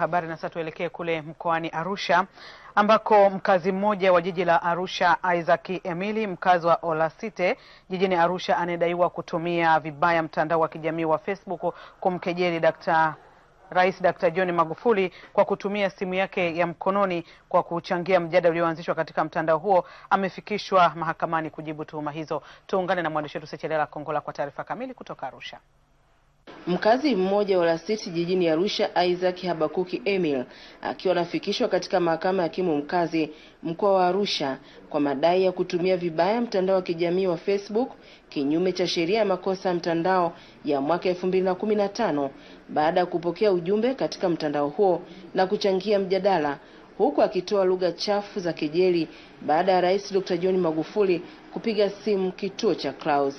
habari na sasa tuelekee kule mkoani Arusha ambako mkazi mmoja wa jiji la Arusha Isaac Emili mkazi wa Olasite jijini Arusha anayedaiwa kutumia vibaya mtandao wa kijamii wa Facebook kumkejeli Dr. Rais Dr. John Magufuli kwa kutumia simu yake ya mkononi kwa kuchangia mjadala ulioanzishwa katika mtandao huo amefikishwa mahakamani kujibu tuhuma hizo. Tuungane na mwandishi wetu Sechelela Kongola kwa taarifa kamili kutoka Arusha. Mkazi mmoja wa Lasiti jijini Arusha, Isaac Habakuki Emil, akiwa anafikishwa katika mahakama ya hakimu mkazi mkoa wa Arusha kwa madai ya kutumia vibaya mtandao wa kijamii wa Facebook kinyume cha sheria ya makosa ya mtandao ya mwaka 2015 baada ya kupokea ujumbe katika mtandao huo na kuchangia mjadala huku akitoa lugha chafu za kejeli baada ya Rais Dr. John Magufuli kupiga simu kituo cha Clouds.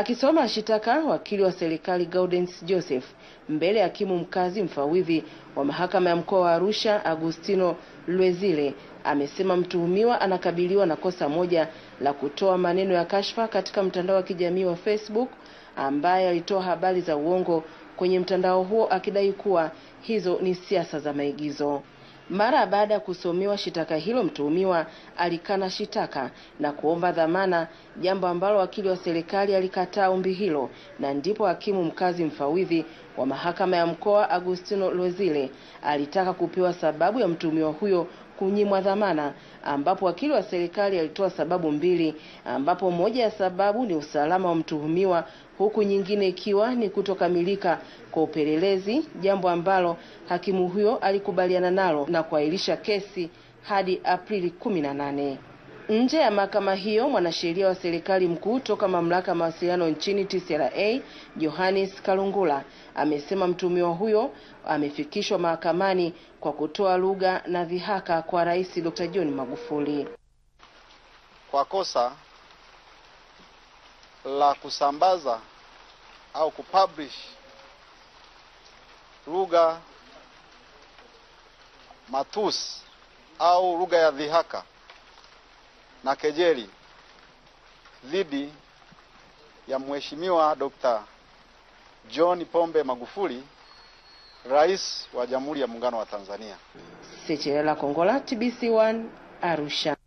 Akisoma shitaka wakili wa serikali Gaudens Joseph mbele ya hakimu mkazi mfawidhi wa mahakama ya mkoa wa Arusha Agustino Lwezile amesema mtuhumiwa anakabiliwa na kosa moja la kutoa maneno ya kashfa katika mtandao wa kijamii wa Facebook, ambaye alitoa habari za uongo kwenye mtandao huo akidai kuwa hizo ni siasa za maigizo. Mara baada ya kusomewa shitaka hilo, mtuhumiwa alikana shitaka na kuomba dhamana, jambo ambalo wakili wa serikali alikataa ombi hilo, na ndipo hakimu mkazi mfawidhi wa mahakama ya mkoa Agustino Lozile alitaka kupewa sababu ya mtuhumiwa huyo kunyimwa dhamana, ambapo wakili wa serikali alitoa sababu mbili, ambapo moja ya sababu ni usalama wa mtuhumiwa huku nyingine ikiwa ni kutokamilika kwa upelelezi, jambo ambalo hakimu huyo alikubaliana nalo na kuahirisha kesi hadi Aprili 18. Nje ya mahakama hiyo, mwanasheria wa serikali mkuu toka mamlaka ya mawasiliano nchini TCRA, Johannes Kalungula amesema mtuhumiwa huyo amefikishwa mahakamani kwa kutoa lugha na dhihaka kwa Rais Dr. John Magufuli kwa kosa la kusambaza au kupublish lugha matusi au lugha ya dhihaka na kejeli dhidi ya Mheshimiwa Dr. John Pombe Magufuli, Rais wa Jamhuri ya Muungano wa Tanzania. Sichela Kongola, TBC1, Arusha.